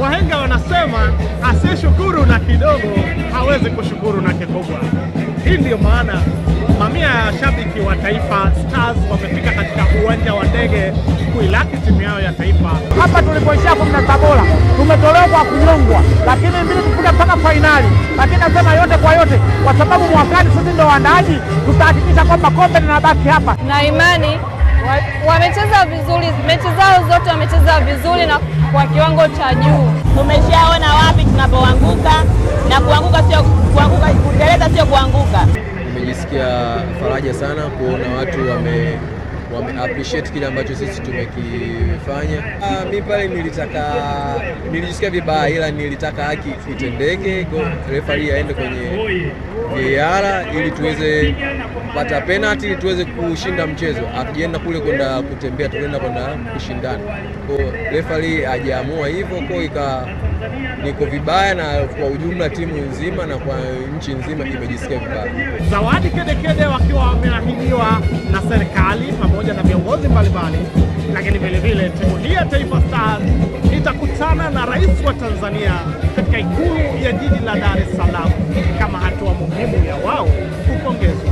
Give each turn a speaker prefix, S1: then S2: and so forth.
S1: Wahenga wanasema asiyeshukuru na kidogo hawezi kushukuru na kikubwa. Hii ndiyo maana mamia ya washabiki wa Taifa Stars wamefika katika uwanja wa ndege kuilaki timu yao ya taifa.
S2: Hapa tulipoishia kumna Tabora tumetolewa kwa kunyongwa, lakini mbili kufika mpaka fainali. Lakini nasema yote kwa yote, kwa sababu mwakani sisi ndio waandaaji, tutahakikisha kwamba kombe linabaki hapa
S3: na imani wamecheza vizuri, mechi zao zote wamecheza vizuri na kwa kiwango cha juu.
S4: Tumeshaona wapi tunapoanguka na kuanguka sio kuanguka, kuteleza sio kuanguka.
S5: Nimejisikia faraja sana kuona watu wame wame appreciate kile ambacho sisi tumekifanya. Ah, mi pale nilitaka, nilijisikia vibaya, ila nilitaka haki itendeke, refari aende kwenye VAR ili tuweze kupata penalty, ili tuweze kushinda mchezo. Hatujaenda kule kwenda kutembea, tuenda kwenda kushindana. Kwa refari hajaamua hivyo, kwa ika niko vibaya, na kwa ujumla timu nzima na kwa nchi nzima imejisikia vibaya.
S1: Zawadi kedekede wakiwa wamerahimiwa mbalimbali, lakini vilevile timu hii ya Taifa Stars itakutana na rais wa Tanzania katika ikulu ya jiji la Dar es Salaam kama hatua muhimu ya wao kupongezwa.